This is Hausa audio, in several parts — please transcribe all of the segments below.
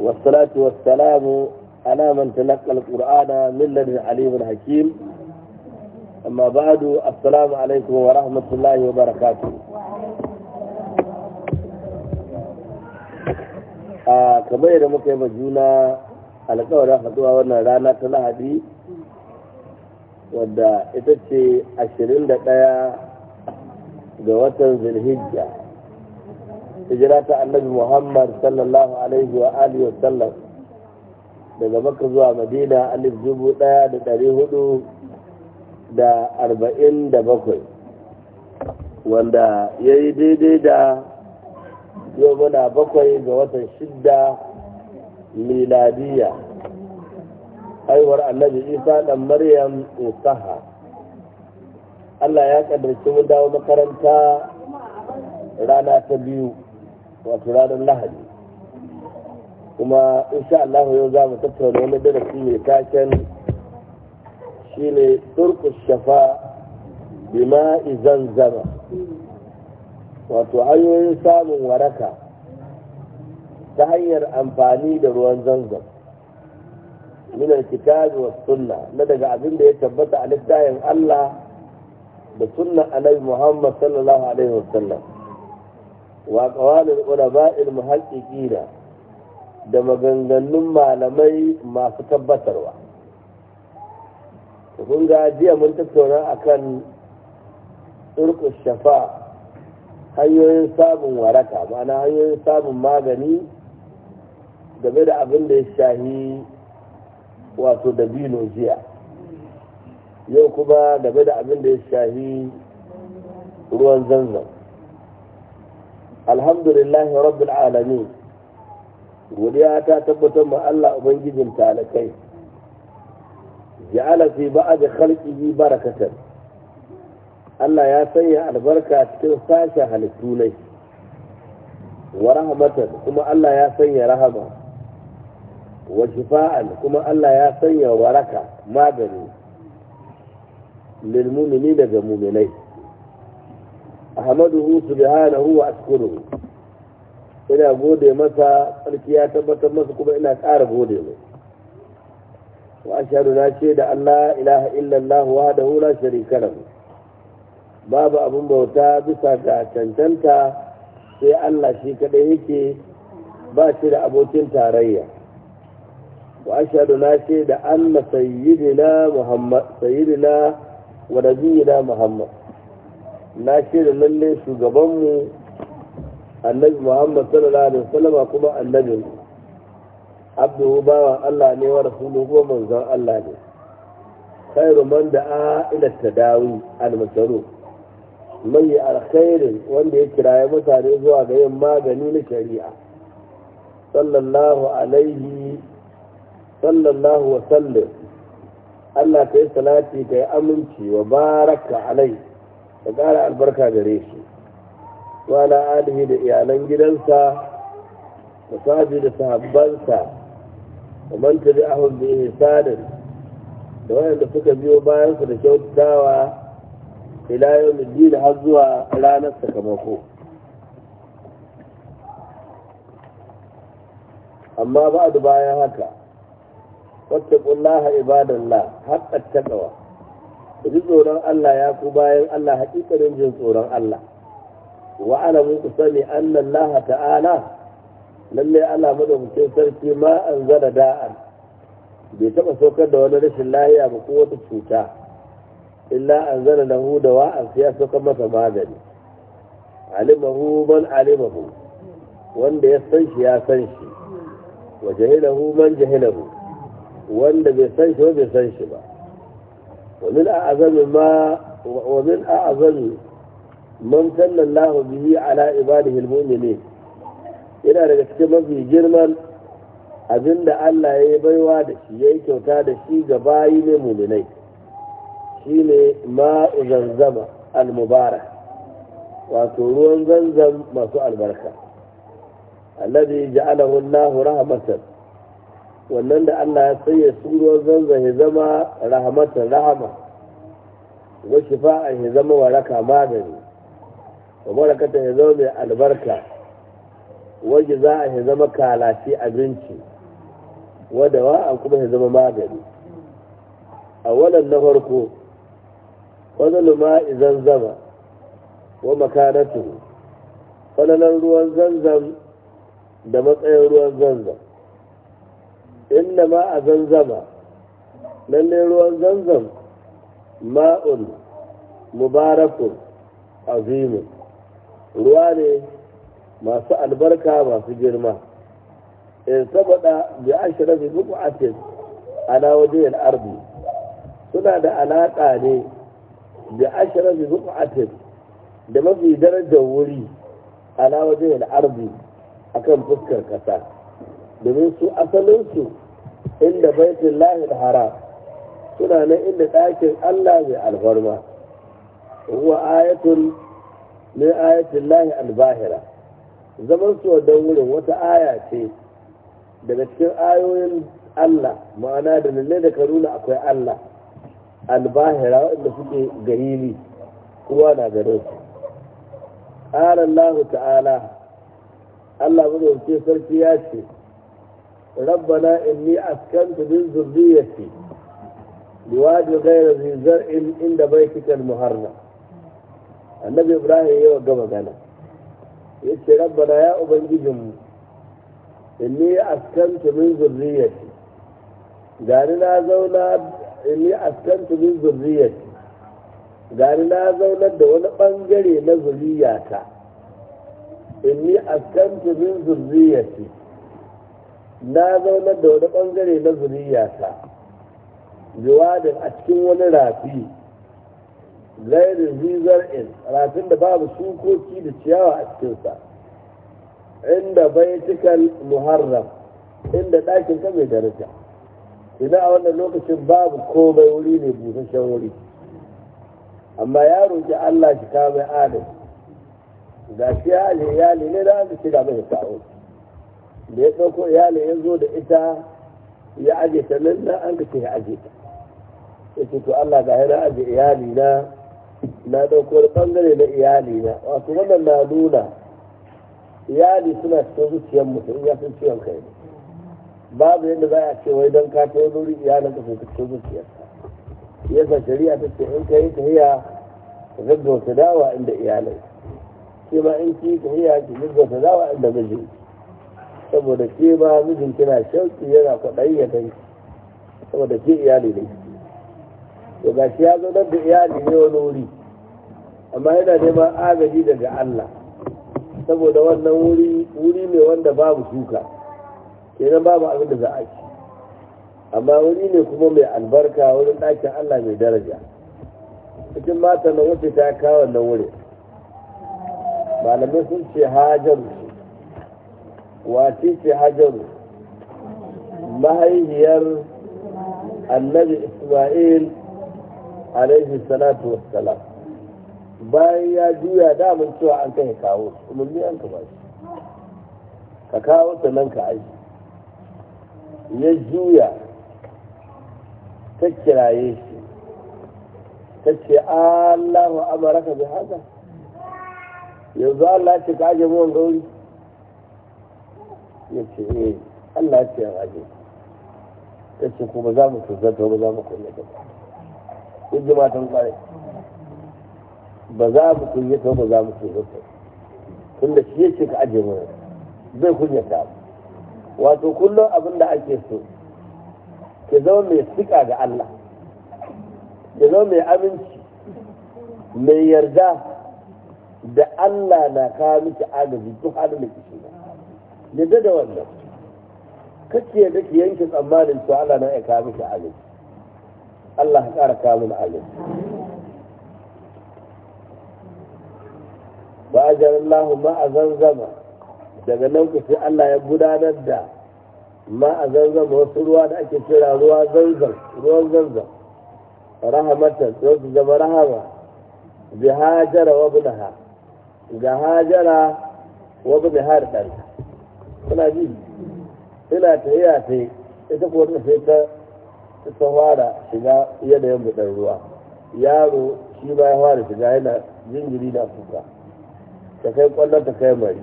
والصلاة والسلام على من تلقى القرآن من لدن عليم الحكيم أما بعد السلام عليكم ورحمة الله وبركاته kamar yadda muka yi majuna alkawarin haduwa wannan rana ta lahadi wadda ita ce 21 ga watan zulhijja hijira ta annabi muhammad sallallahu alaihi wa alihi wa daga makka zuwa madina alif dubu daya da dari hudu da arba'in da bakwai wanda ya yi daidai da yau muna bakwai ga watan shidda miladiya haihuwar annabi isa dan maryam isaha allah ya kaddarci mu dawo makaranta rana ta biyu wato ranar lahadi kuma insha Allah yau za mu tattauna wani darasi mai taken shi ne turku shafa bima zama wato hanyoyin samun waraka ta hanyar amfani da ruwan zanzam minar kitabi wa sunna na daga abin da ya tabbata a littafin Allah da sunna annabi Muhammad sallallahu alaihi wasallam wa ƙawalin ulama'il muhaƙiƙina da maganganun malamai masu tabbatarwa kun ga jiya mun tattauna akan turkus shafa hanyoyin samun waraka ma'ana hanyoyin samun magani bai da abin da ya shahi wato dabino jiya yau kuma game da abin da ya shahi ruwan zanzan alhamdulillah rabbil alamin godiya ta tabbatar ma Allah ubangijin talakai ja'ala fi ba'd khalqihi barakatan Allah ya sanya albarka cikin sashen halittu ne wa rahmatan kuma Allah ya sanya rahama wa shifa'an kuma Allah ya sanya waraka magani lil mu'mini daga mu'minai Ahmadu ahmaduhu subhanahu wa ashkuruhu ina gode masa sarki ya tabbatar masa kuma ina ƙara gode mai wa ashhadu na ce da Allah ilaha illallah wahdahu la sharika lahu babu abin bauta bisa ga cancanta sai Allah shi kadai yake ba shi da abokin tarayya wa ashhadu na ce da Allah sayyidina Muhammad Muhammad na ce da lalle shugabanmu annabi muhammad sallallahu alaihi wasallama kuma annabin abdu bawan allah ne wa rasulu kuma manzon allah ne khairu man da'a ila tadawi al man mai alkhairin wanda ya kiraye mutane zuwa ga yin magani na shari'a sallallahu alaihi sallallahu wa sallam Allah ka yi salati ka yi aminci wa baraka alaihi da ƙara albarka gare shi wala alihi da iyalan gidansa da sabi da sahabbansa da manta da ahun da ihsanin da wayanda suka biyo su da kyautawa ila yau da har zuwa ranar sakamako amma ba bayan haka wata ƙullaha ibadallah haƙƙa taƙawa ku ji tsoron Allah ya ku bayan Allah hakikanin jin tsoron Allah wa ana muku sani annan laha ta'ala lalle Allah madaukakin sarki ma an zara da'an bai taɓa saukar da wani rashin lahiya ba ko wata cuta illa an zara da hu da wa'an ya saukar masa magani alimahu man alimahu wanda ya san shi ya san shi wa jahilahu man jahilahu wanda bai san shi ba bai san shi ba ومن أعظم ما ومن أعظم من سن الله به على عباده المؤمنين إلى رجعت مفي جرما abin da Allah ya yi baiwa da shi ya yi kyauta da shi ga bayi ne muminai shi ne ma'u al-mubarak wato ruwan zanzam masu albarka alladhi ja'alahu Allahu rahmatan wannan da Allah ya sanya su ruwan zanzan ya zama rahmatan rahama wa shifa'an ya zama waraka magani wa barakata ya zama mai albarka wa jiza'an ya zama kalashi abinci wa dawa'an kuma ya zama magani a wannan na farko ma izan zanzama wa makanatu fadalan ruwan zanzan da matsayin ruwan zanzan inna ma a zanzama lalle ruwan zanzam ma'un mubarakun azimin ruwa ne masu albarka masu girma in eh, saboda bi ashrafi ana waje yin arbi suna da alaƙa ne bi buku buqatin da mafi darajar wuri ala wajhil arbi akan fuskar ƙasa domin su asalinsu inda baitin lahi haram suna nan inda ɗakin Allah mai alfarma huwa ayatun min ayatin lahi albahira zaman su don wurin wata aya ce daga cikin ayoyin Allah ma'ana da lalle da karuna akwai Allah albahira waɗanda suke garili kowa na gare su ƙara Allah ta'ala Allah mu sarki ya ce ربنا إني أسكنت من ذريتي بواد غير ذي زرع عند بيتك المهرم النبي إبراهيم يوقف أنا يقول ربنا يا أبنجيهم إني أسكنت من ذريتي قال زولا إني أسكنت من ذريتي قال لا زونا دون بنجري لذريتا إني أسكنت من ذريتي na zaunar da wani bangare na zuriyata jiwadin a cikin wani rafi zairin zizar in rafin da babu shukoki da ciyawa a cikinsa inda baitikal muharram inda ɗakin ka mai daraja ina a wannan lokacin babu komai wuri ne busasshen wuri amma ya roƙi Allah shi kame adam ga shi ya ne na aka ci gaba da sa'o'i da ya ɗauko iyalin ya zo da ita ya aje ta nan na an ka ya aje ta ya ce to Allah ga hira aje iyali na na ɗauko da ɓangare na iyali na wato wannan na nuna iyali suna cikin zuciyar mutum ya san ciwon kai ne babu yadda za a ce wai don ka ta wani wuri iyalin ka sun cikin zuciyar yasa shari'a ta ce in ka yi hiya ka gaggauta dawa inda iyalai ke ma in ki yi tahiya ki gaggauta dawa inda mijinki saboda ke ba mijin kina shauki yana kwaɗayi ya kai saboda ke iyali ne to ga shi ya zaunar da iyali ne wani wuri amma yana neman agaji daga Allah saboda wannan wuri wuri ne wanda babu shuka kenan babu abin da za a ci amma wuri ne kuma mai albarka wurin ɗakin Allah mai daraja cikin mata na wata ta kawo wannan wuri malamai sun ce hajar wace ce hajaru mahaihiyar annabi isma'il alaihi salatu wassalam bayan ya juya damun cewa an kai kawo umarni an ka bashi ka kawo nan ka aiki ya juya ta kiraye shi ta ce allahu ka bi haka yanzu allah ce ka ajiye mu gauri ya ce eh Allah ya ce ya aje ta ce kuma za mu zato ba za mu kunyata ba kun ji matan kwarai ba za mu kunyata ba za mu tuzarta tunda shi ya ce ka aje zai bai kunyata wato kullum abin da ake so ke zama mai sika ga Allah ke zama mai aminci mai yarda da Allah na kawo miki agaji duk halin da kike yadda da wannan kake yadda ki yanke tsammanin to Allah na ya kawo miki alim Allah ya ƙara kawo mini alif ba ajar Allah ma a zanzama daga nan ku sai Allah ya gudanar da ma a zanzama wasu ruwa da ake kira ruwa zanzam ruwan zanzam rahamatan wasu zama rahama bi hajara wa ibnaha ga hajara wa ibnaha da ɗanta suna ji ina ta yi a ta yi ita ko ta sai ta ta fara shiga yanayin buɗar ruwa yaro shi ba ya fara shiga yana jingiri na kuka ta kai kwallon ta kai mari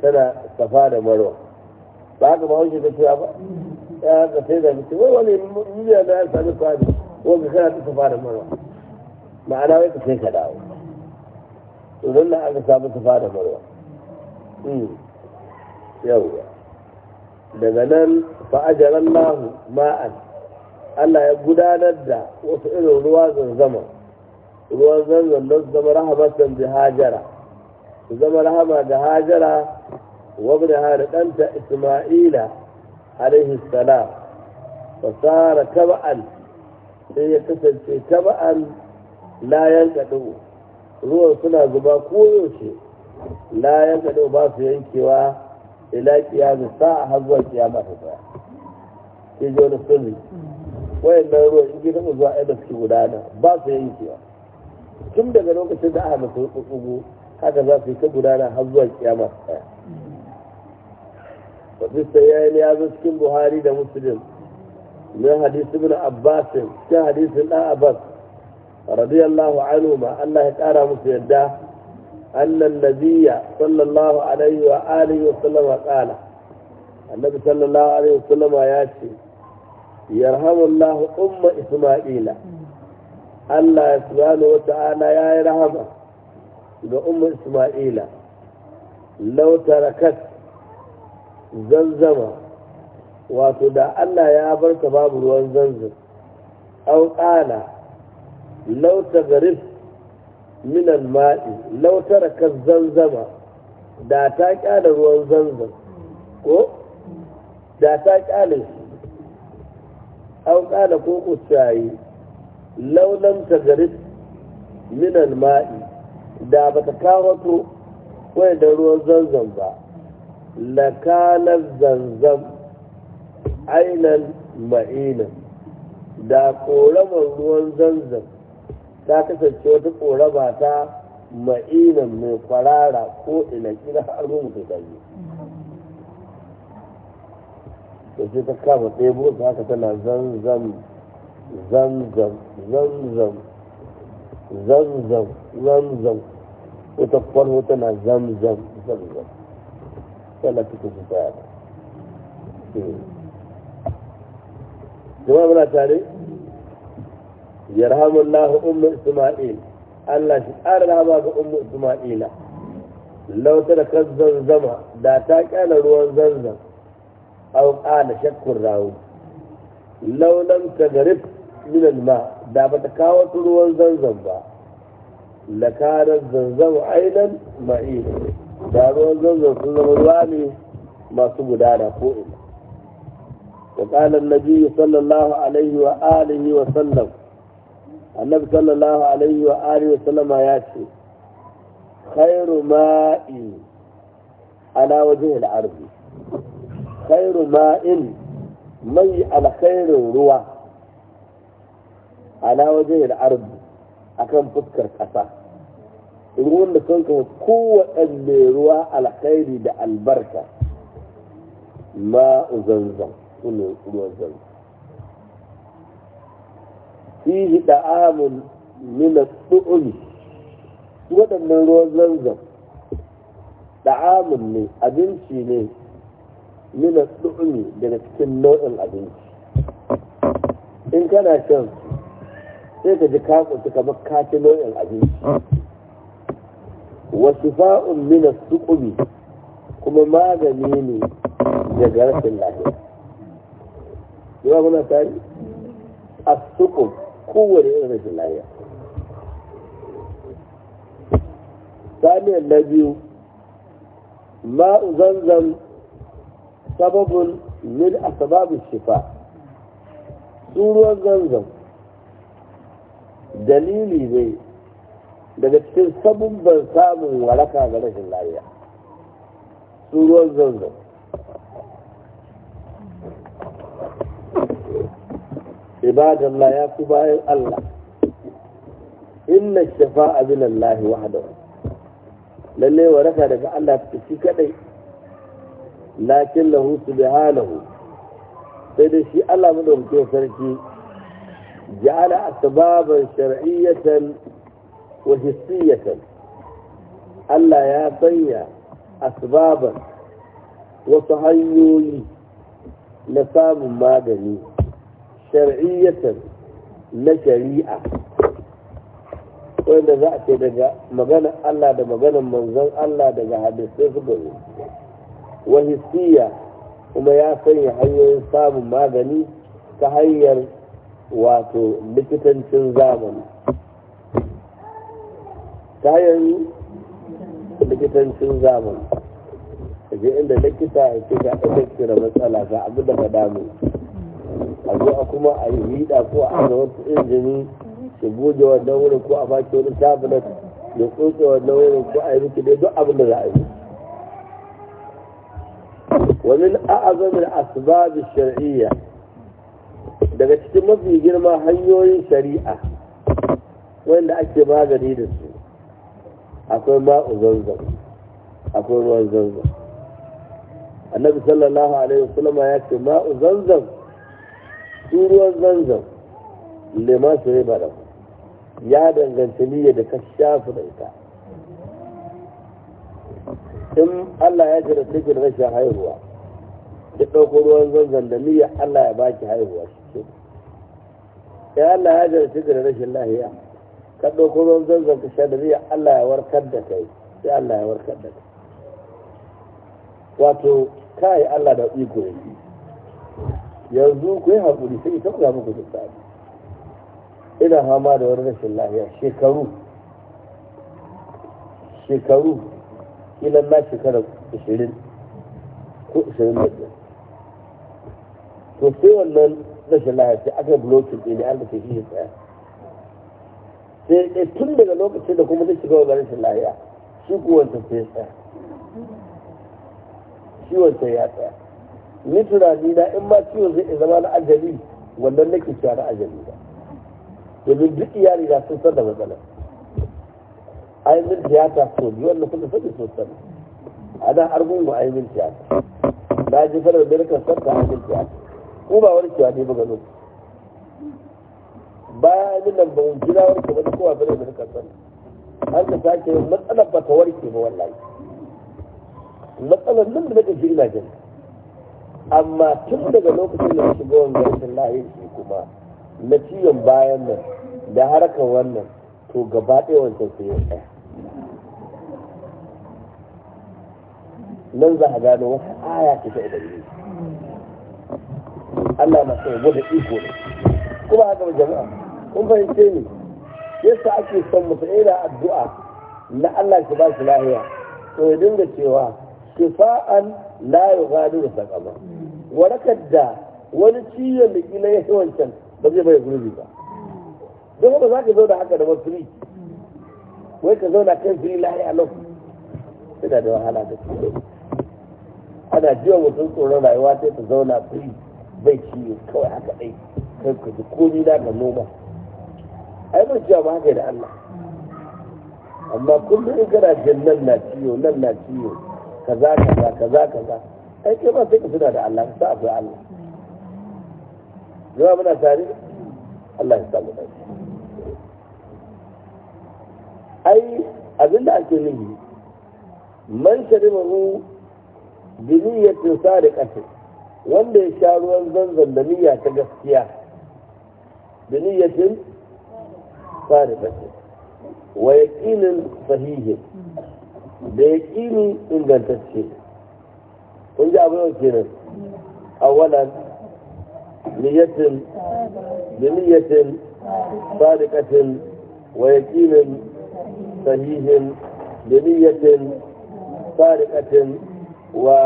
tana safa da marwa ba haka ba haushi ta ba ya haka sai da mutum wai wani miliyan na ya sami kwari wanda kana ta safa da marwa ma'ana wai ka sai ka dawo to don na aka samu safa da marwa hmm. yawwa daga nan fa'ajaran lahu ma'an Allah ya gudanar da wasu irin ruwa zanzama ruwan zanzan don su zama rahamatan da hajara su zama rahama da hajara wabda da ɗanta isma'ila alaihi salam fasara taba'an sai ya kasance taba'an layan kaɗo ruwan suna zuba koyaushe layan kaɗo ba su yankewa ila kiyamin sa'a har zuwa kiyama ta tsaya ke ji wani sirri wayannan ruwan in gina zuwa ɗaya da suke gudana ba su yin kewa tun daga lokacin da aka masu tsugu haka za su yi ta gudana har zuwa kiyama ta tsaya wasu sai ya zo cikin buhari da musulun من Abbasin cikin hadisun ɗan Abbas radiyallahu anhu ma Allah ya ƙara musu yadda. أن النبي صلى الله عليه وآله وسلم قال النبي صلى الله عليه وسلم ياتي يرحم الله أم إسماعيل Allah subhanahu wa ta'ala ya yi rahama ga umar Ismaila, lautarakat zanzama, wato da Allah ya barka babu ruwan zanzan, au lauta lautagaris minan ma'i lautara ka zanzama da ta kyale ruwan zanzam ko da ta kyale shi an kyale ko kusayi launan ta minan maɗi da ba ta kawato da ruwan zanzam ba lakanar zanzam ainan ma'inan da koramar ruwan zanzam ta kasance wata ba ta ma'inan mai kwarara ko ina kira har mu mutu ta yi to sai ta kama ɗebo ta haka tana zanzan zanzan zanzam zanzam zanzam ita kwarwa tana zanzan zanzan tana cikin su ta yana hmm. jama'a muna tare yarhamullahu ummu isma'il Allah shi ƙara rama ga ummu isma'ila lauta da kan zanzama da ta kyana ruwan zanzam au ƙala shakkun rawu launan ta garib minan ma da ba ta kawo ruwan zanzam ba la kanar zanzam ainan ma'i da zanzam sun zama ruwa ne masu gudana ko ina وقال النبي صلى الله عليه وآله وسلم annabi sallallahu alaihi wa alihi wa sallama ya ce khairu ma'i ala wajhil ardi khairu ma'in mai alkhairin ruwa ala wajhil ardi akan fuskar kasa ruwan da kowa kawo kowaɗanne ruwa alkhairi da albarka ma'u zanzan sunan ruwan zanzan fihi da'amun min as waɗannan ruwan zanzan da'amun ne abinci ne mina as daga cikin nau'in abinci in kana shan sai ka ji ka kuntu ka nau'in abinci wasu fa'un mina as kuma magani ne daga rashin lafiya. Yawa muna tari? as kowane irin rashin lafiya saniyan na biyu ma'u zanzan sababin min sababin shifa su zan zanzan dalili ne daga cikin ban samun waraka ga rashin lafiya su zanzan ibadallah ya ku bayan Allah inna shafa'a bilallahi wahdahu lalle waraka daga Allah ta shi kadai lakin lahu subhanahu sai da shi Allah madaukakin sarki ja'ala asbaban shar'iyyatan wa hissiyatan Allah ya sanya asbaban wasu hanyoyi na samun magani shar'iyyatan na shari'a wanda za a ce daga magana Allah da maganan manzon Allah daga hadisai su gari Wani hissiya kuma ya sanya hanyoyin samun magani ta hanyar wato likitancin zamani ta hanyar likitancin zamani je inda likita ya ce ga ita matsala ga abu da damu a zo a kuma a yi hida ko a ana wasu injini su buje wannan wurin ko a faki wani tabinat da tsotse wannan wurin ko a yi miki dai duk abin da za a yi ومن أعظم الأسباب الشرعية daga cikin mafi girma hanyoyin shari'a wanda ake magani da su akwai ma'u zanzan akwai ruwan zanzan annabi sallallahu alaihi wasallama ya ce ma'u zanzan shi ruwan zanzan lema su riba ku ya danganci niyyar da ka shafi da ita in Allah ya jira cikin da rashin haihuwa ya ɗauko ruwan zanzan da niyyar Allah ya baki haihuwa shi ce ya Allah ya jira cikin da rashin lahiya ka ɗauko ruwan zanzan ka sha da niyyar Allah ya warkar da kai sai Allah ya warkar da kai wato kai Allah da iko ne yanzu ku yi haƙuri sai ta buga muku duk sa'adu ina hama da wani rashin lahiya shekaru shekaru ilan na shekara 20 ko 25 to sai wannan rashin lahiya sai aka blokin ɗin an da ke shi tsaya sai tun daga lokacin da kuma zai shiga wani rashin lahiya shi kuwanta sai tsaya shi wanta ya tsaya ni tunani na in ma ciwon zai zama na ajali wannan nake cewa na ajali ba domin duk iyali na sun san da matsalar ainihin min tiyata so biyu wannan kuma sun so a ana har gungun ainihin min tiyata na ji fara da birkan santa ai min tiyata ko ba wani kiwa ne ba gano baya ai nan ba wani jina warke ba kowa fara da birkan santa an ka sake matsalar ba ta warke ba wallahi matsalar nan da nake shi ina jini amma tun daga lokacin da ya gowon wannan sallahi shi kuma na ciwon bayan nan da harkar wannan to gaba ɗaya wancan sai ya ɗaya nan za a gano wata aya ta ta ne. Allah na sai da iko ne kuma haka ba jama'a kun fahimce ni yasa ake son mutum ina addu'a na Allah shi ba shi lahiya to ya dinga cewa shifa'an la yughadiru saqama warakar da wani ciyon da kila ya wancan ba zai bai gurbi ba don ba za ka zauna haka da mafiri wai ka zauna kan firi lahi a lau yana da wahala da ciyo ana jiwa mutum tsoron rayuwa sai ta zauna firi bai ciyo kawai haka ɗai kai ka ji komi na ka noma ai ba ciwa ba haka da Allah amma kullum in kana jin nan na ciyo nan na ciwo kaza kaza kaza kaza ai ba sai ka suna da Allah sa akwai Allah zama muna tare Allah ya samu dai ai da ake nufi man sharimahu da sadiqatin wanda ya sha ruwan zanzan da niyya ta gaskiya biniyatin sadiqatin wa yaqinin sahihin da yaqini ingantacce kun ji abu kenan awalan niyatin bi niyatin sadiqatin wa yaqinin sahihin bi niyatin sadiqatin wa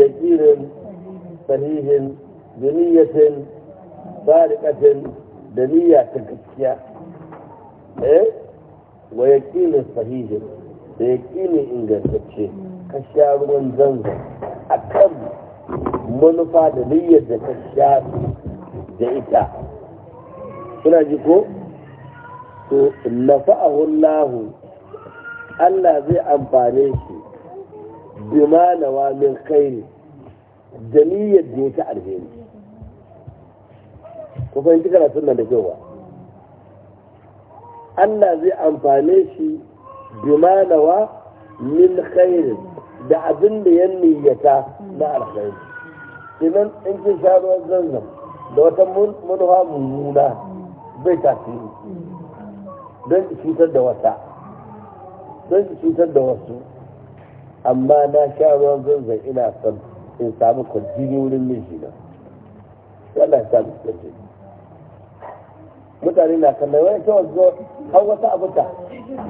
yaqinin sahihin bi niyatin sadiqatin da niyya ta gaskiya eh wa yaqinin sahihin da yaqinin ingantacce ka sha ruwan zanzan a kan manufa da niyyar da ta sha da ita suna ji ko to nafa'ahu lahu Allah zai amfane shi bima nawa min khairi da niyyar da ya ta alheri ku fahimci karatun nan da kyau ba Allah zai amfane shi bima nawa min khairin da abin da ya niyyata na alkhairi idan in kin sha ruwan zanzan da wata manufa mummuna bai tasiri don ki cutar da wata don ki cutar da wasu amma na sha ruwan zanzan ina son in samu kwanjini wurin miji na yana samu kwanjini mutane na kallon wani ta wasu har wata abuta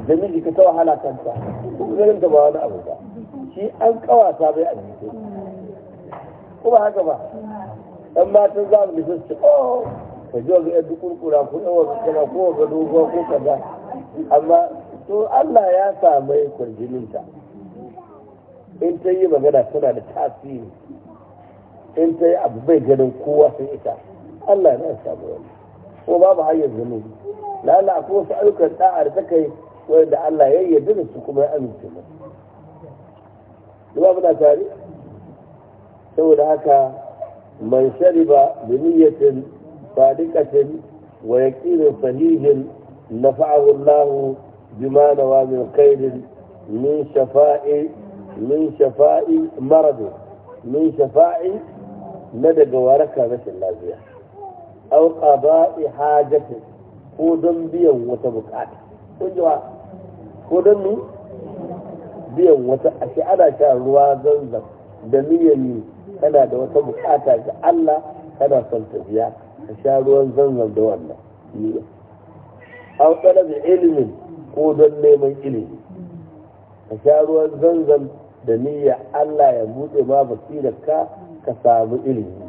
da miji ka ta wahala kanta kuma ganin ta ba wani abu ba shi an kawasa bai a jiki kuma ba haka ba ɗan matan zamani sun ce oh ka ji wani yadda kurkura ko yawa ka kama ko ga dogo ko kaza amma to Allah ya samu kwarjininta in ta yi magana tana da tasiri in ta yi abu bai ganin kowa sai ita Allah ya samu wani ko babu hanyar zunubi lalata ko su ayyukan da'ar da ta kai wanda Allah ya yi da su kuma ya amince musu ba muna tare saboda haka man shariba da niyyatin fadikatin wa yaqinin sahihin nafa'ahu Allah bima wa min khairin min shafa'i min shafa'i marad min shafa'i na daga waraka rashin lafiya aw qada'i hajati ko don biyan wata bukata ko don biyan wata a shi ana sha ruwa zanzan da niyan kana da wata bukata ga Allah kana son ta biya ka sha ruwan zanzan da wannan niyya aw da ilimin ko don neman ilimi ka sha ruwan zanzan da niyya Allah ya buɗe ma basirar ka ka samu ilimi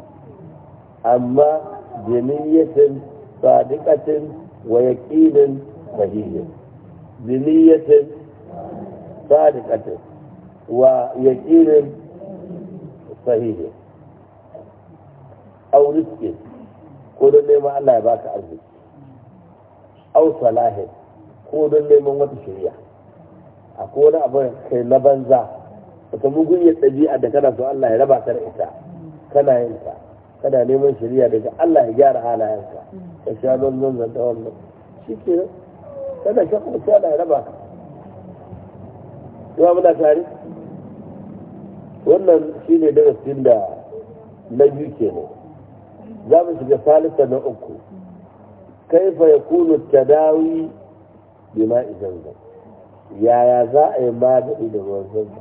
amma jiniyatin sadiƙatin wa yaqinin sahihin jiniyatin صادقة ويقين صحيح أو رزق قولوا لي ما الله يبارك أرزق أو صلاح قولوا لي ما متشريع أقول أبو خير wata mugunyar a da na so Allah ya raba ka da ita kana yin ta kana neman shari'a daga Allah ya gyara halayenka ka sha nan nan da wannan shi ke kana shan kuma Allah ya raba ka ya muna tare wannan shi ne darasin da na biyu ke ne za mu shiga salisa na uku kai fa ya kunu tadawi bi ma'i zanzan yaya za a yi magani da ruwan zanzan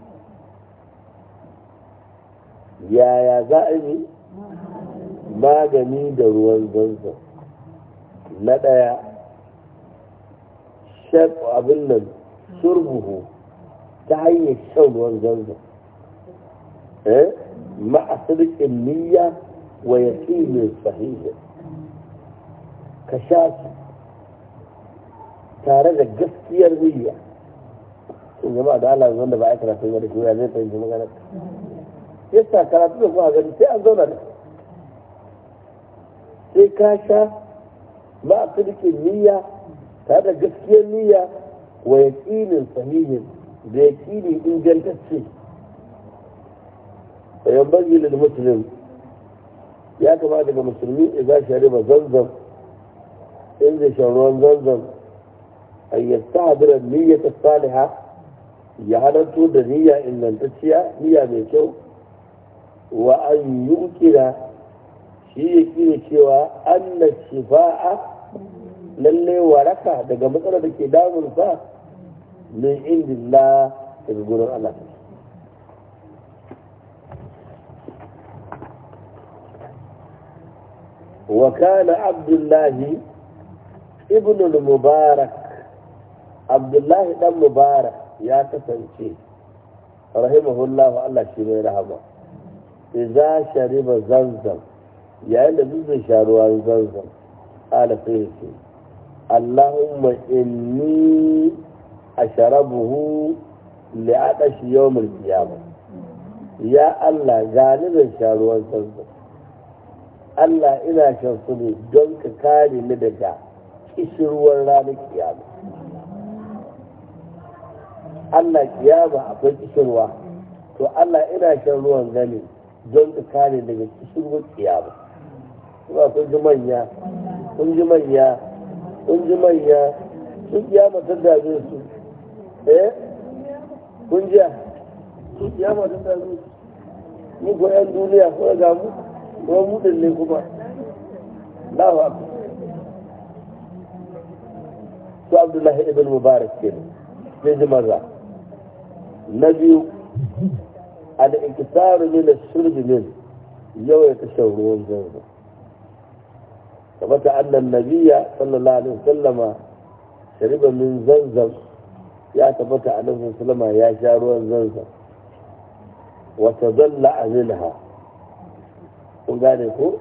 yaya za a yi magani da ruwan zanzan na ɗaya shaƙo abin nan surbuhu تعيش الشغل والزوجة مع صدق النية ويقين الصحيح كشاش تارة قفتي الرية إنما دعا الله أظن بعيك رفين ملك ويا زين طيب ما قالت يسا كراتبه ما قالت سي أظن أنا سي مع صدق النية تارة قفتي النية ويقين الصحيح da ya ƙini ingantacce a yamban da musulun ya kamata daga musulmi shi shari'a zanzan in zai shan ruwan zanzan a yasta hadirar niyyar ta saliha ya halarto da niyya ingantacciya niyya mai kyau wa an yi ukira shi ya kira cewa an na shifa'a lallai waraka daga matsalar da ke damunsa min indillah daga gurin Allah wa abdullahi ibnul mubarak abdullahi dan mubarak ya kasance rahimahullahu Allah shi mai rahama idza shariba zanzam yayin da zai sha ruwan zanzam ala Allahumma inni asharabuhu li'adashi yawmul qiyamah ya Allah gani zan sha ruwan Allah ina shan su ne don ka kare ni daga kishirwar ranar kiyama Allah kiyama akwai kishirwa to Allah ina shan ruwan gani don ka kare daga kishirwar kiyama kuma kun ji manya kun ji manya kun ji manya sun kiyama ta dame su eh kungiya kungiya ma ta tsaro ni ko yan duniya ko ga mu ko mu din ne kuma lawa to abdullahi ibn mubarak ke sai ji maza na biyu al-inkisaru min ash-shurb min ta shan ruwan zanzan kamar ta annan nabiya sallallahu alaihi wasallama shariba min zanzan ya tabbata a nan sulama ya sha ruwan zansa wata zalla a minha kun gane ko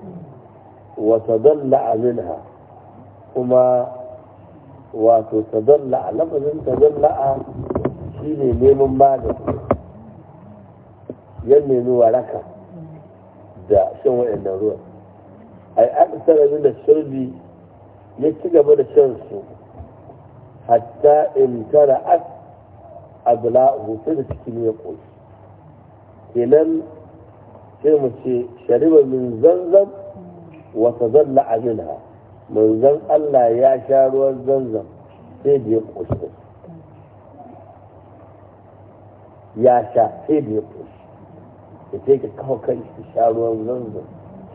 wata zalla a minha kuma wato ta zalla a lafazin ta zalla a shi ne neman magani yan nemi waraka da shan waɗannan ruwan ai an tsara da shirbi ya ci gaba da shan su حتى امتلأت أبلاءه تلك كم يقول كلم كلمة شرب من زنزم وتضلع منها من زنزم الله يا شارو الزنزم سيد يقول يا شا سيد يقول يتيك كهو كيش شارو الزنزم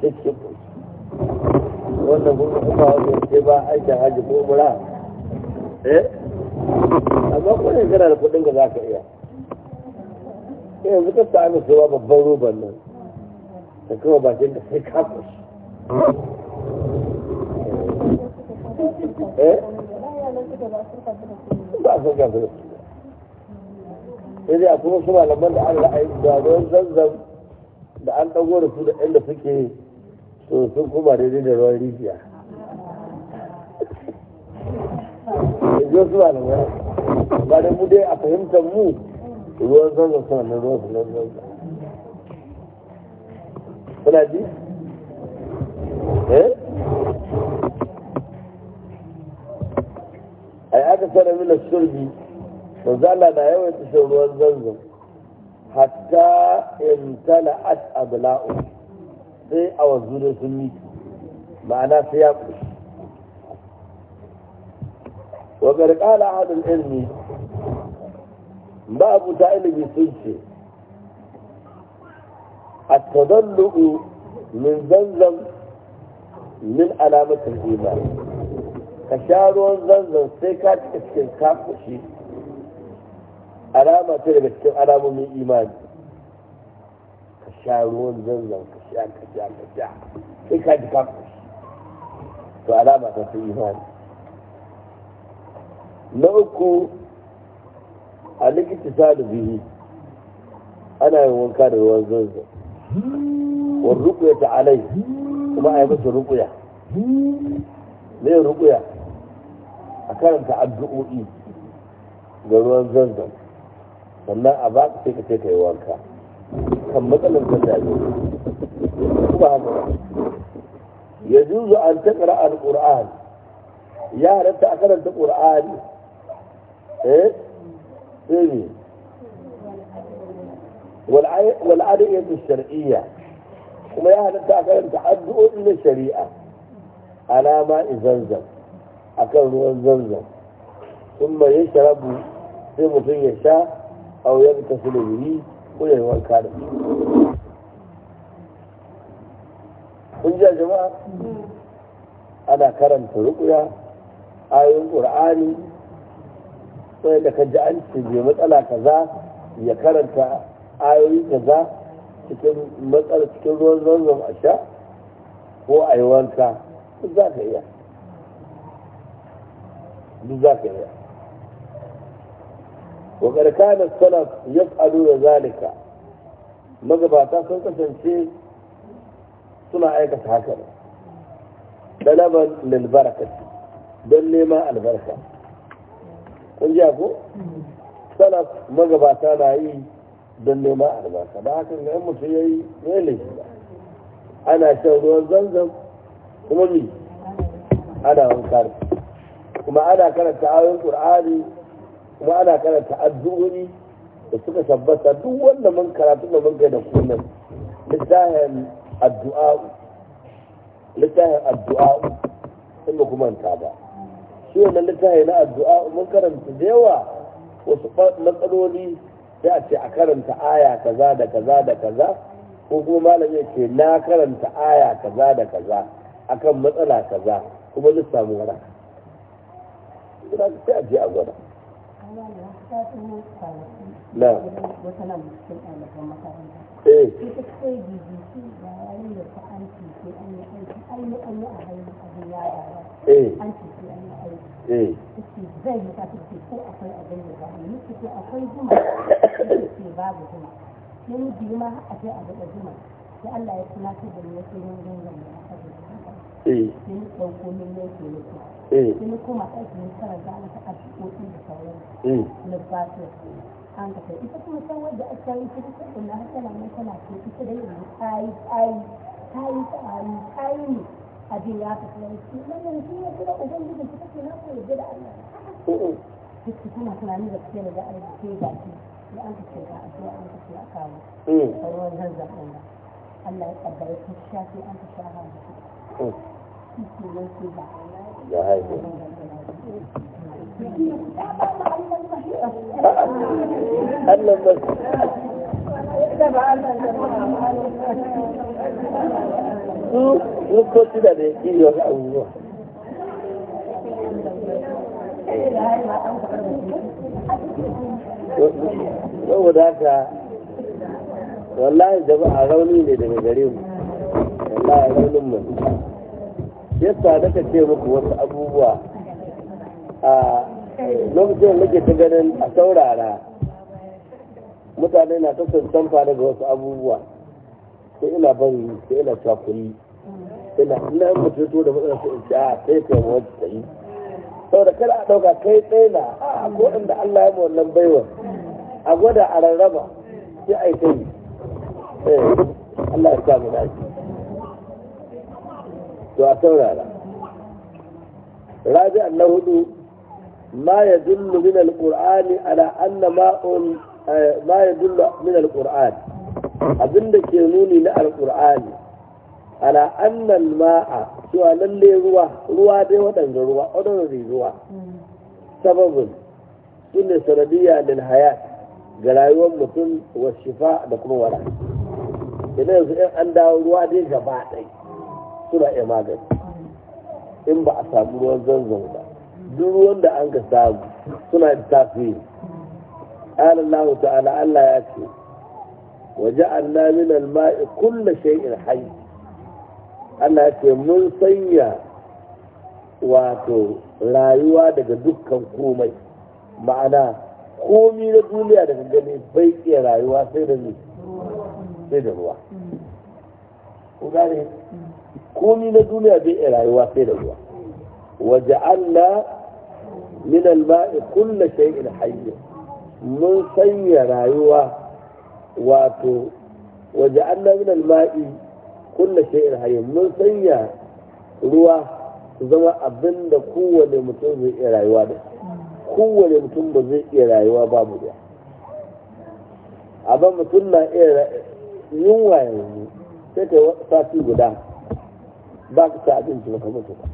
سيد يقول وانا بقول لكم هذا الانتباه ايجا هاجبه ملاه eh amma kuɗin kana da kuɗin ka za ka iya sai eh, yanzu ka sami sewa babban roban nan da kuma bakin da sai ka kushi eh ba a sauka su da su sai dai akwai wasu malaman da an ra'ayi da ruwan zanzan da an ɗago da su da inda suke to sun kuma daidai da ruwan rijiya zo zuwa da da mu dai a fahimtar mu ruwan zanzan suna nan ruwan suna ji eh mina shirbi manzala na yawan tashin ruwan zanzan hatta in tala at sai a wanzu da sun ma'ana sai ya وقال قال أحد العلم باب أبو تعلم يسلسي التضلؤ من زنزم من علامة الإيمان كشارون زنزم سيكات استنكاف وشي علامة تلك علامة من إيمان كشارون زنزم كشار كشار كشار سيكات كاف وشي فعلامة في إيمان na uku a likita sa da bihi ana yin wanka da ruwan zanzan wa rukuya ta alai kuma a yi masa rukuya ne rukuya a karanta addu'o'i ga ruwan zanzan sannan a ba ka sai ka yi wanka kan matsalar sanda dace? kuma haka ya juzu an taƙara al-ƙur'an ya halatta a karanta ƙur'ani eh sai والعرية الشرعية كما يهلتا أكلم تعدؤ من الشريعة على ماء زمزم أكل روان زمزم ثم يشرب في مطين يشاء أو يغتسل به ويهوان كارب kun ji جماعة ana karanta rukuya ayoyin ƙur'ani sai da ka ji an ce mai matsala kaza ya karanta ayoyi kaza cikin matsala cikin ruwan zanzan a sha ko a yi wanka duk za ka iya duk za ka iya wa da salaf ya tsaro da zalika magabata sun kasance suna aikata haka ne ɗalaban lalbarakaci don neman albarka kun ji ko salaf magabata na yi don nema albarka ba hakan ga mutum ya yi ne ba ana shan ruwan zanzan kuma mi ana wankar kuma ana karanta ayoyin qur'ani kuma ana karanta addu'o'i da suka tabbata duk wanda mun karatu da mun kai da kunan littafin addu'a littafin addu'a in kuma ta ba shi wannan littafi na addu'a mun karanta da yawa wasu matsaloli sai a ce a karanta aya kaza da kaza da kaza ko kuma malam ya ce na karanta aya kaza da kaza akan matsala kaza kuma zai samu wara kuma sai a je a gwada na eh, eh. eh zai yi ta ce ko akwai abin da zai yi ce akwai zuma ce babu zuma sai mu ma a ce a buɗe zuma sai Allah ya tuna ta da ne sai mun dinga aka ce eh sai dauko min ne ke ne eh sai kuma sai ki karanta an ta addu'o'i da sauran na eh. fatu an ka ita kuma san wanda aka yi ta ta da na hasala mun tana ce ita da yin tayi tayi tayi tayi tayi abin ya tafi nan shi wannan shi ne kuma ubangijin ta take na ko yadda da Allah duk kuma tunani da kake da Allah ke da shi ya an kace ka so an kace a kawo ruwan zanzan din Allah ya kaddara ta shafi an ta shafa da shi shi ne shi ba ya haihu Allah ba Allah ba su nufofi da bai iri wasu abubuwa haka wallahi jama'a rauni ne daga gare mu wallahi raunin mu yadda daga ce muku wasu abubuwa a lokacin da nake ta ganin a saurara mutane na ta daga wasu abubuwa sai ina ban sai ina sa kuri ina ina mutum to da matsalar sai in sai ta wata ta yi saboda kada a ɗauka kai tsaye na a ah, ko inda Allah ya mu wannan baiwa a gwada a rarraba sai a yi ta yi eh, Allah ya sa mu dace to a saurara rabi'an na hudu ما يدل من القرآن على أن ما ما يدل من القرآن abin da ke nuni na alkur'ani ala annan ma'a cewa lalle ruwa ruwa dai waɗanda ruwa ordinary ruwa hmm. sababin su ne sanadiyya lil hayat ga rayuwar mutum wa shifa da kuma wara idan yanzu in an dawo ruwa dai gaba ɗai suna iya magani hmm. in ba a samu ruwan zanzan ba duk ruwan da an ka samu suna da tafiye hmm. ta'ala Allah ya ya ce وجعلنا من الماء كل شيء حي Allah ya ce mun sanya wato rayuwa daga dukkan komai ma'ana komi na duniya daga gani bai iya rayuwa sai da ni sai da ruwa ko gane komi na duniya bai iya rayuwa sai da ruwa wa ja'alna min al-ma'i kullu shay'in hayy mun sanya rayuwa wato waje an min alma'i kulla shay'in hayyin mun sanya ruwa su zama abin da kowane mutum zai iya rayuwa da kowane mutum ba zai iya rayuwa ba mu da abin mutum na iya yunwa yanzu sai ta sati guda ba ka ta abinci maka mutu ba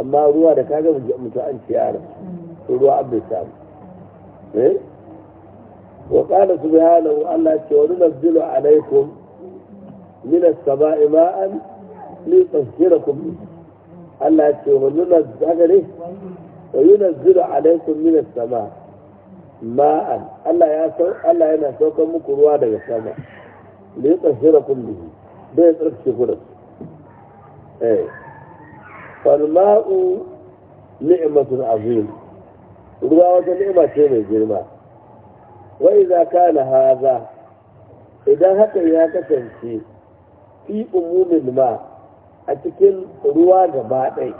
amma ruwa da ka gama mutu an ciyar ruwa abin samu eh? wa qala subhanahu Allah ce wa nazzilu alaykum min as-sama'i ma'an li tasfirakum Allah ce wa nazzalu wa yunzilu alaykum min as-sama'i ma'an Allah ya so Allah yana so kan muku ruwa daga sama li tasfirakum bi dai tsirki gura eh fal ma'u ni'matun azim ruwa wata ni'ma ce mai girma wai za ka na haza idan haka ya kasance fi umumin ma a cikin ruwa gaba ɗai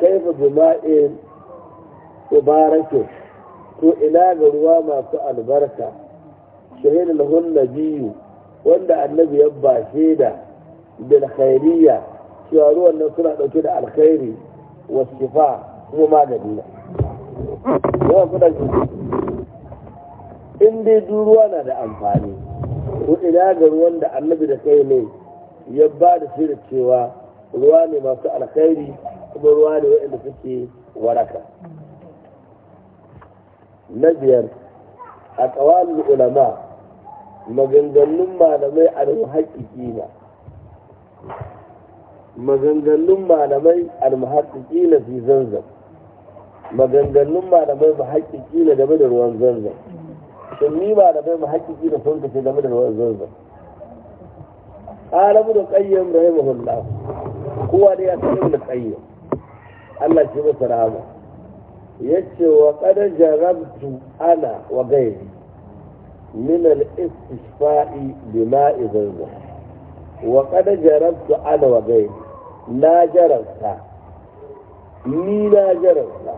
kai ba bima'in ubarake to ina ga ruwa masu albarka shahid lahun biyu wanda annabi ya ba da bil khairiyya cewa ruwan nan suna ɗauke da alkhairi wa shifa kuma magani ne. in dai ruwa na da amfani ko ina ga ruwan da annabi da kai ne ya ba da shirin cewa ruwa ne masu alkhairi kuma ruwa ne waɗanda suke waraka na biyar a ƙawalin ulama maganganun malamai a na maganganun malamai muhaƙiƙi na fi zanzan maganganun malamai muhaƙiƙi na game da ruwan zanzan don ni ba da bai mu haƙiƙi da sun kace game da ruwan zanzan قال ابن القيم رحمه الله هو دي ابن القيم الله شي بسرامه yace wa qad jarabtu ana wa ghairi min al-istishfa'i bima'i zanzam wa qad jarabtu ana wa ghairi na jarabta ni na jarabta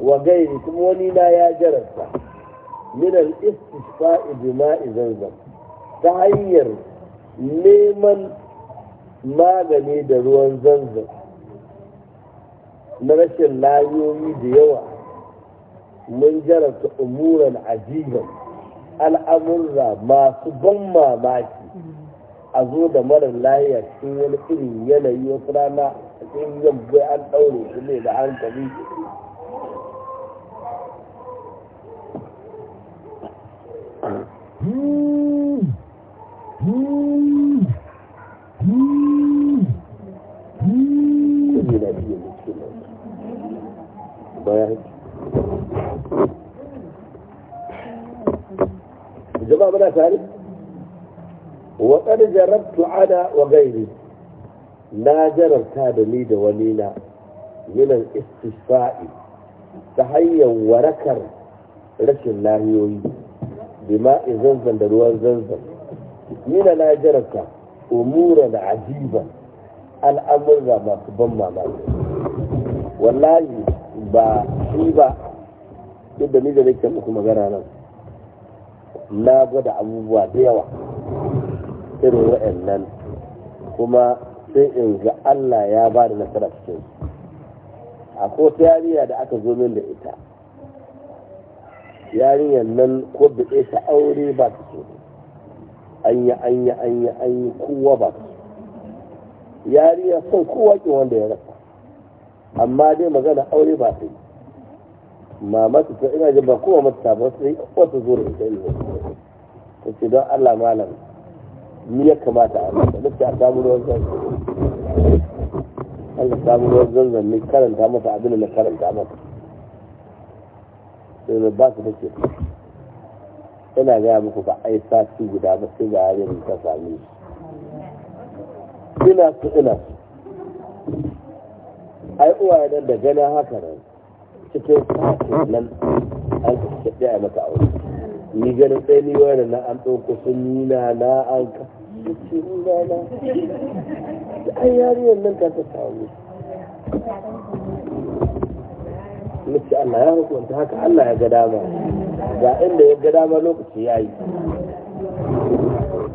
wa ghairi kuma wani na ya jarabta min al-istisqa'i bima'i zamzam ta hanyar neman magani da ruwan zamzam na rashin layoyi da yawa mun jarabta umuran ajiban al'amurra masu ban mamaki a zo da mara lahiya cikin wani irin yanayi wasu rana a cikin yamma an ɗaure su da hankali jama'a muna tare wa ana wa na jarabta da ni da wani na minan ta hanyar warakar rashin lahiyoyi bima'i zanzan da ruwan zanzan nina na jarabta umura da ajiba al'amurra masu ban mamaki wallahi ba shi ba duk da ni da nake muku magana nan na gwada abubuwa da yawa irin wa'annan kuma sai in ga Allah ya ba da nasara cikin a da aka zo min da ita yarinyar nan ko buɗe ta aure ba ta so an yi an yi an yi an yi kowa ba ta so yarinyar son kowa ki wanda ya rasa amma dai magana aure ba ta yi mama su ta ina jin ba kowa mata ta ba sai wata zuwa da ita yi ta ce don Allah malam ni ya kamata a rasa duk ta samu ruwan zanzan Allah samu ruwan zanzan ne karanta masa abin da na karanta masa sai ba su take ina gaya muku ba ai su guda ba sai ga yarin ta sami ina su ina ai uwaye da da ganin haka nan cikin sati nan an da ya maka aure ni ganin sai ni wannan na an ɗauko sun ni na na an ka na na ai yariyar nan ta ta sami nace Allah ya hukunta haka Allah ya ga dama ga inda ya ga dama lokaci yi,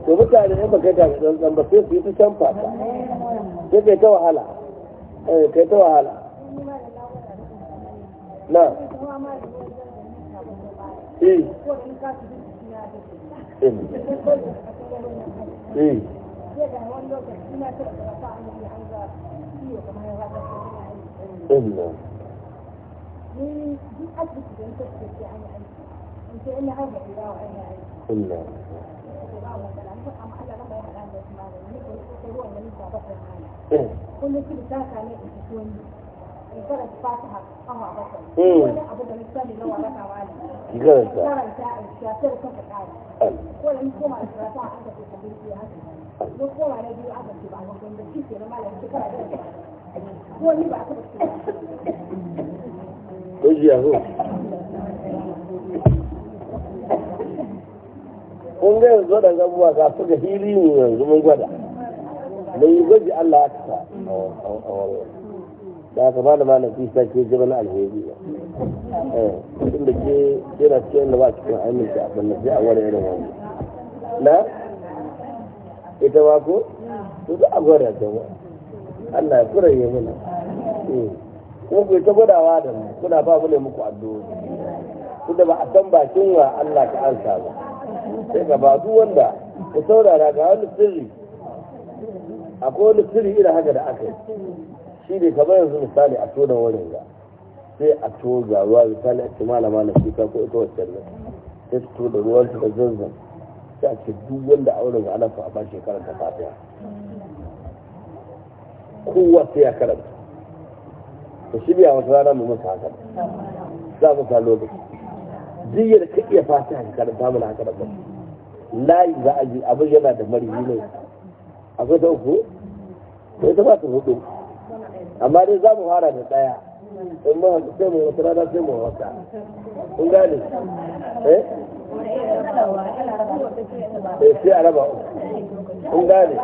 to mutane in baka ta tsantsan ba sai su yi ta can fata kai ta wahala eh kai ta wahala na eh eh eh دي دي اثبت بنفسك يعني انت انت الا هذا الا وانا الا kullum su da ta ne in ci wani in karanta fatiha kawo a bakwai wani abu da misali na waraka wani in karanta in shafiyar kafa ƙari wani in koma da karatu a aka ce kabin ce haka ne koma na biyu aka ce ba a wajen da shi ke na malam shekara da wani ba a taɓa ó jí àhó kun ga yanzu waɗanda abubuwa ga su ga hili ne yanzu mun gwada mai yi gwaji Allah aka sa a wannan da ka ba da ma malam isa ke ji wani alheri ba eh, tun da ke yana cikin da ba cikin aminci abin da sai a wani irin wani na ita ba ko to za a gwada ta Allah ya kura yi mana eh. ko ku ta gudawa da mu kuna ba mu ne muku addu'o'i da ba a san bakin wa Allah ka ansa ba sai ga ba duk wanda ku saurara ga wani sirri akwai wani sirri irin haka da aka yi shi ne kamar yanzu misali a tona wurin ga sai a toga ruwa misali a ce malama na shuka ko ita wacce ne sai su tona ruwan su da zanzan sai a ce duk wanda a ga ana so a ba shekarar ta fatiha kowa sai ya karanta ka shirya wasu rana mu musu haka za mu sa lokaci jiya da ka iya fata haka da samun haka da kai layi za a yi abin yana da mari ne akwai ta uku sai ta fata hudu amma dai za mu fara da daya in ba haka sai mu wata rana sai mu wata kun gane eh, eh sai a raba kun gane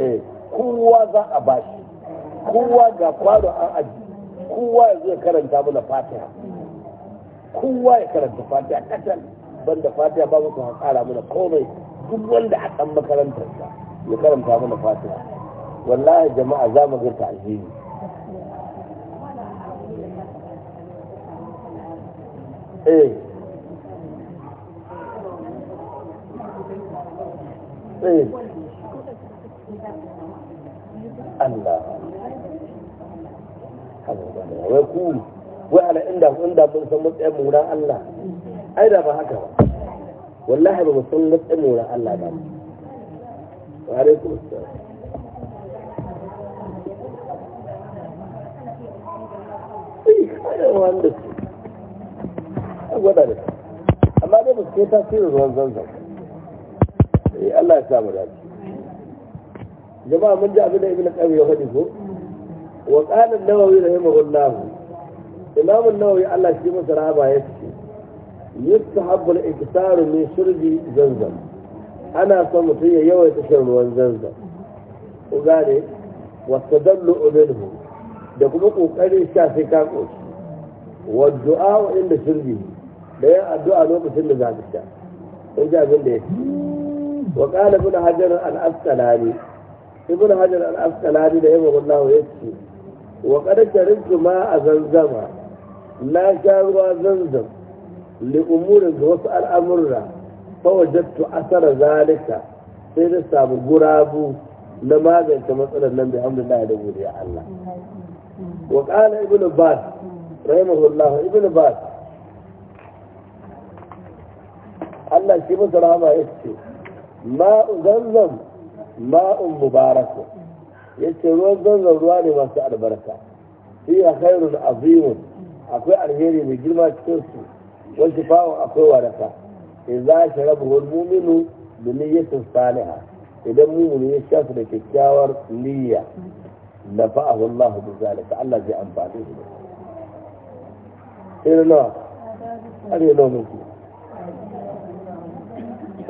eh kowa za a bashi kowa ga kwano an aji kowa ya zai karanta mana fatiha kowa ya karanta fatiha kasan banda fatiha ba muku tsara mana komai duk wanda a makarantar makarantarsa ya karanta mana fatiha wallahi jama'a za mu ga ta'azimi eh eh Allah wai ku wai ala inda inda mun san matsayin mu ran Allah ai da ba haka ba wallahi ba mu san matsayin mu ran Allah ba wa alaikum assalam wanda su a gwada da amma dai ba su kai tasirin ruwan zanzan eh, Allah ya samu dace jama'a mun ji abin da ibn qayyim ya faɗi ko wa qala an-nawawi rahimahullah imam an Allah shi masa rahaba yace yustahabbu al-iktar min shurbi zanzam ana son mutum ya yawaita shan ruwan zanzam ku gane wa tadallu minhu da kuma kokarin sha ne ka koshi wa du'a inda shurbi da yin addu'a lokacin da za ka sha kun ji abin da yake وقال ابن حجر الأسقلاني ibn hajar al-asqalani da yamma wallahu yace wa qad karintu ma a zanzama na sha ruwa zanzam li umurin ga wasu al'amurra fa wajadtu asara zalika sai da sabu gurabu na magance matsalar nan da alhamdulillah da godiya Allah wa qala ibn bas rahimahullah ibn bas Allah shi masa rahama yace ma zanzam ma'un mubarakun yace ruwan zanzan ruwa ne masu albarka fi khairun azimun akwai alheri mai girma cikin su wasu fawon akwai waraka rabu wani muminu da niyyatin saliha idan muminu ya shafa da kyakkyawar niyya nafa'ahu Allah bi zalika Allah zai amfani shi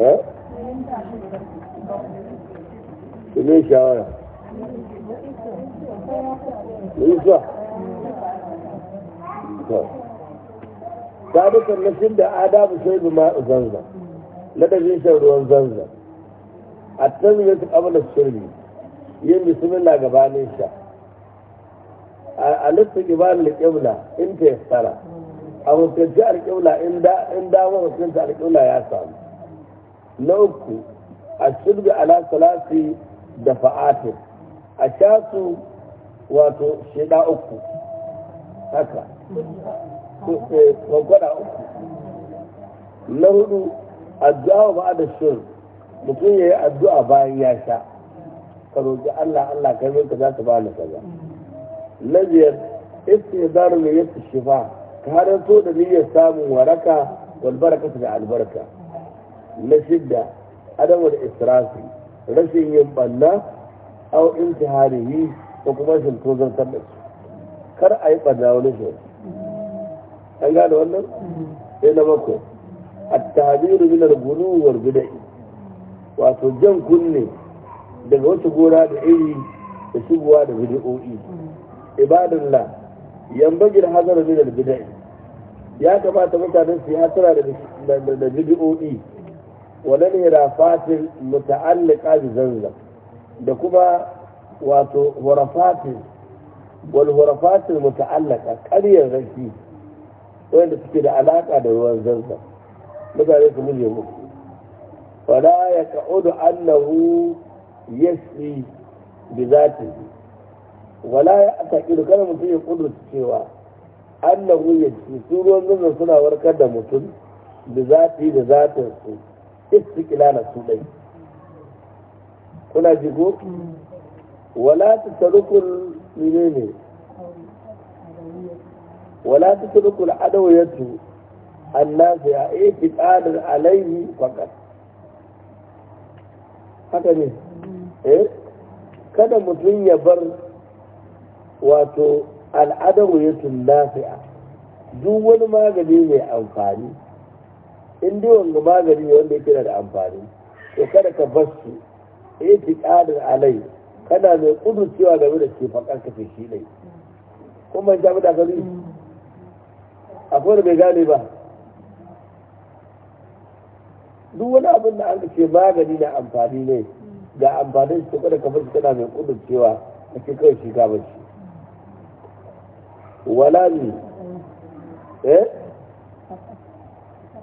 sai na ku ne shawara yusa ta duka na shidda adabu sai bi ma zanza ladabin shan ruwan zanza a tanzan su kamar shirbi yin bismillah gabanin sha a lissu kibanin alƙibla in ta yassara a hukunci alƙibla in dama hukunci alƙibla ya samu na uku a shirbi ala salasi da fa'atu a sha su wato shida uku haka kwakwada eh, uku na hudu addu'a ba da shir mutum ya yi addu'a bayan ya sha ka roƙi Allah Allah kai minka za ta bani kaza na biyar istihdaru ne shi shifa ka har haranto da niyyar samun waraka wal barakatu da albarka na shidda adamu da israfi rashin yin banna au intiharihi ko kuma shin tozartar da su kar a yi banna wani shi an gane wannan sai na bako at-tahdiru min al-ghulu wato jan kunne daga wata gora da iri da shigowa da bid'o'i ibadallah yambagil hazara min al-bid'i ya kamata mutanen su yi hasara da bid'o'i wadan irafatin muta'allika bi zanzam da kuma wato hurafatin wal hurafatin muta'allika ƙaryar rafi wanda suke da alaƙa da ruwan zanzam mutane su muje muku fala ya ka'udu annahu yasri bi zatihi wala ya ataƙiru kada mutum ya ƙudurta cewa annahu yasri su ruwan zanzan suna warkar da mutum da zafi da zatin su istiqlalan su dai kuna ji ko wala tasarrukul menene wala tasarrukul adawiyatu annabi ya itiqadan alayhi faqat haka ne eh kada mutum ya bar wato al'adawiyatun nafi'a duk wani magani mai amfani in dai wanga magani ne wanda yake da amfani to kada ka bar su eh, itiqadin alai kana mai kudu cewa game da ke fakar ka shi ne kuma ban shafi da gari akwai da bai gane ba duk wani abin da aka ce magani na amfani ne ga amfanin su kada ka bar shi kana mai kudu cewa a ce kawai shi ka bar shi wala ne eh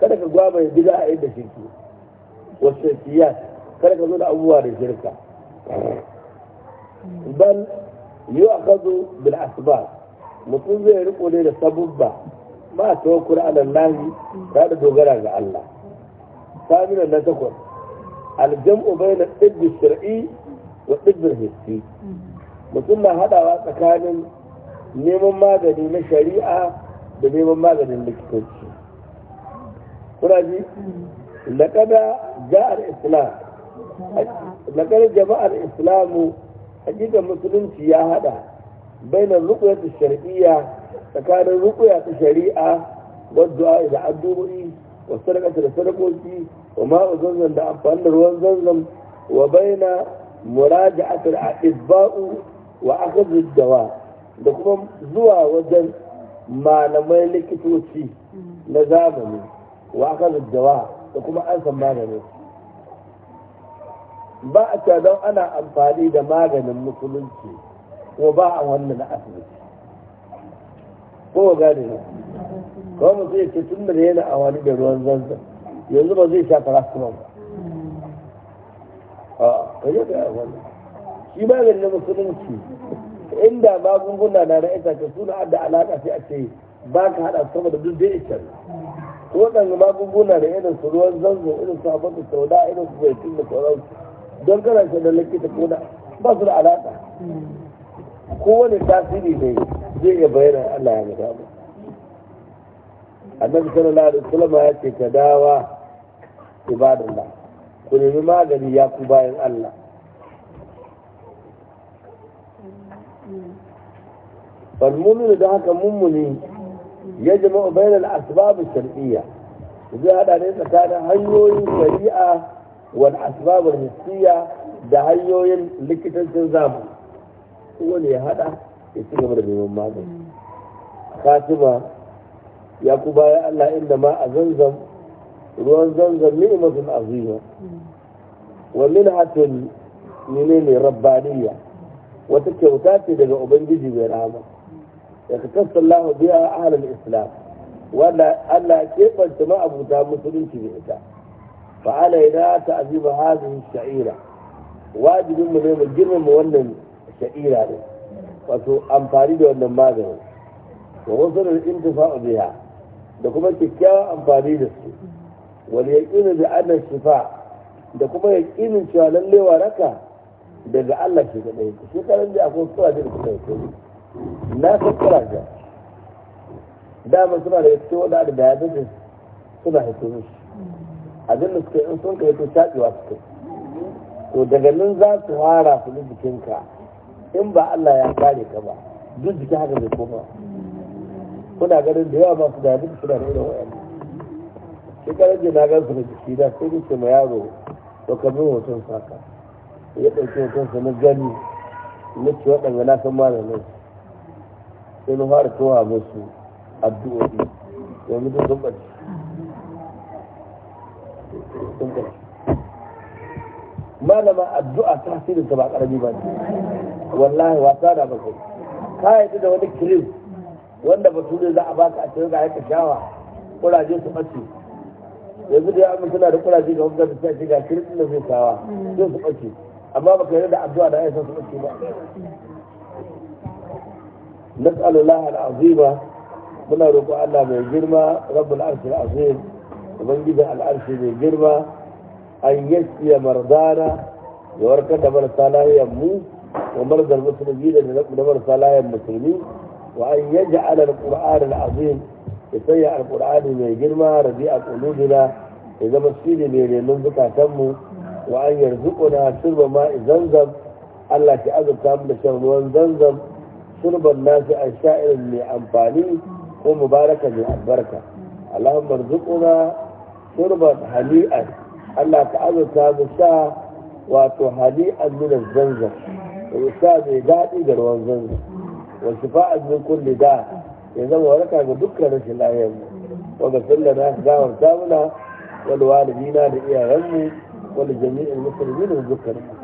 kada ka gwaba bid'a a yadda shirki wasu siya kada ka zo da abubuwa da shirka bal kazo bil asuba mutum zai riko ne da sabubba ma tawakkul a lallahi ta da dogara ga Allah samina na takwas aljam'u na ɗibbi shar'i wa ɗibbi hissi mutum na haɗawa tsakanin neman magani na shari'a da neman maganin likitoci kuraji ji laqada ja'a islam laqada islam musulunci ya hada baina ruqyati shar'iyya tsakanin ruqya ta shari'a wa du'a da addu'o'i wa sadaqati da wa ma'a zanzan da amfani da ruwan zanzan wa baina muraja'ati al-ibba'u wa akhdh dawa da kuma zuwa wajen malamai likitoci na zamani wa da dawa da kuma an san magani ba a ce don ana amfani da maganin musulunci ko ba a wannan na asibiti ko gane ne ko mu zai ce tun da yana amfani da ruwan zanzan yanzu ba zai sha farasitamol ba a kaje da wannan shi maganin musulunci inda magunguna na na ita ce suna da alaka sai a ce ba ka hada saboda da duk dai ita waɗanda magunguna da irin su ruwan zanzu irin su abin da sauda irin su cin da su don kana shi da likita ko da ba su da alaƙa kowane tasiri ne zai iya bayyana Allah ya gaba mu annabi sallallahu alaihi wasallam ya ce ka dawa ibadallah ku nemi magani ya ku bayan Allah fal da haka mummuni يجمع بين الأسباب الشرعية zai hada ne tsakanin hanyoyin shari'a wal asbabul hissiya da hanyoyin likitancin zamani wani ya hada ya ci da neman magani fatima ya ku baya Allah inda ma a zanzam ruwan zanzam ni'matun azima wa minhatun menene rabbaniya wata kyauta ce daga ubangiji bai rahama da su kasta lahu biya a ahalin islam wanda allah ya kebanta ma'abuta musulunci da ita fa alaina ta azima sha'ira wajibin mu ne mu girmama wannan sha'ira ne wato amfani da wannan maganin wa wasu da intifa'u biya da kuma kyakkyawan amfani da su wani yaƙinin da ana shifa da kuma yaƙinin cewa lallewa raka daga allah shi da ɗaya shi karen akwai suwa da kuma yaƙinin na fassara ga dama suna da yake wada da diabetes suna hito su abin da suke in sun kai to shaɗewa kai to daga nan za su fara su ji jikinka in ba Allah ya kare ka ba duk jiki haka zai koma kuna ganin da yawa masu diabetes suna da irin wa'annan shekarar na gan su da jiki da sai duk ma yaro to ka bin hoton saka ya ɗauki hoton sa na gani na ci waɗanda na san malamin su sai na fara towa musu addu'o'i domin sun ɓace sun malama addu'a tasirin ta ba ƙarami ba ne wallahi wasa da ba kai ka yi da wani kirim wanda ba ne za a baka a cikin ga aika shawa kuraje su ɓace yanzu da ya amince na da kuraje ga wanda ta ce ga kirim da zai kawa sai su ɓace amma ba ka yi da addu'a da aisa su ɓace ba نسأل الله العظيم muna roƙo Allah mai girma rabbul arshil azim ubangijin al'arshi mai girma an yasiya mardana ya warkar da marasa lahiyar mu wa marzar musulmi da da marasa lahiyar musulmi wa an yaji ala al-qur'an al-azim ya sanya mai girma rabi'a qulubina ya zama shine mai renon zukatan mu wa an yarzuquna sirba ma'i zanzam Allah ki azurta mu da shan ruwan zanzam kurban nasu an sha'irin mai amfani ko mubaraka mai albarka alamar rzuquna kurban hali'an allah ka azurta mu wato hali'an min zanzan ya sa mai daɗi da ruwan zanzan wa shifa'an min kulli da ya zama waraka ga dukkan rashin lafiyar mu wa ga sallana gawar tamuna wani walidina da iyayenmu wani jami'in muslimin dukkan mu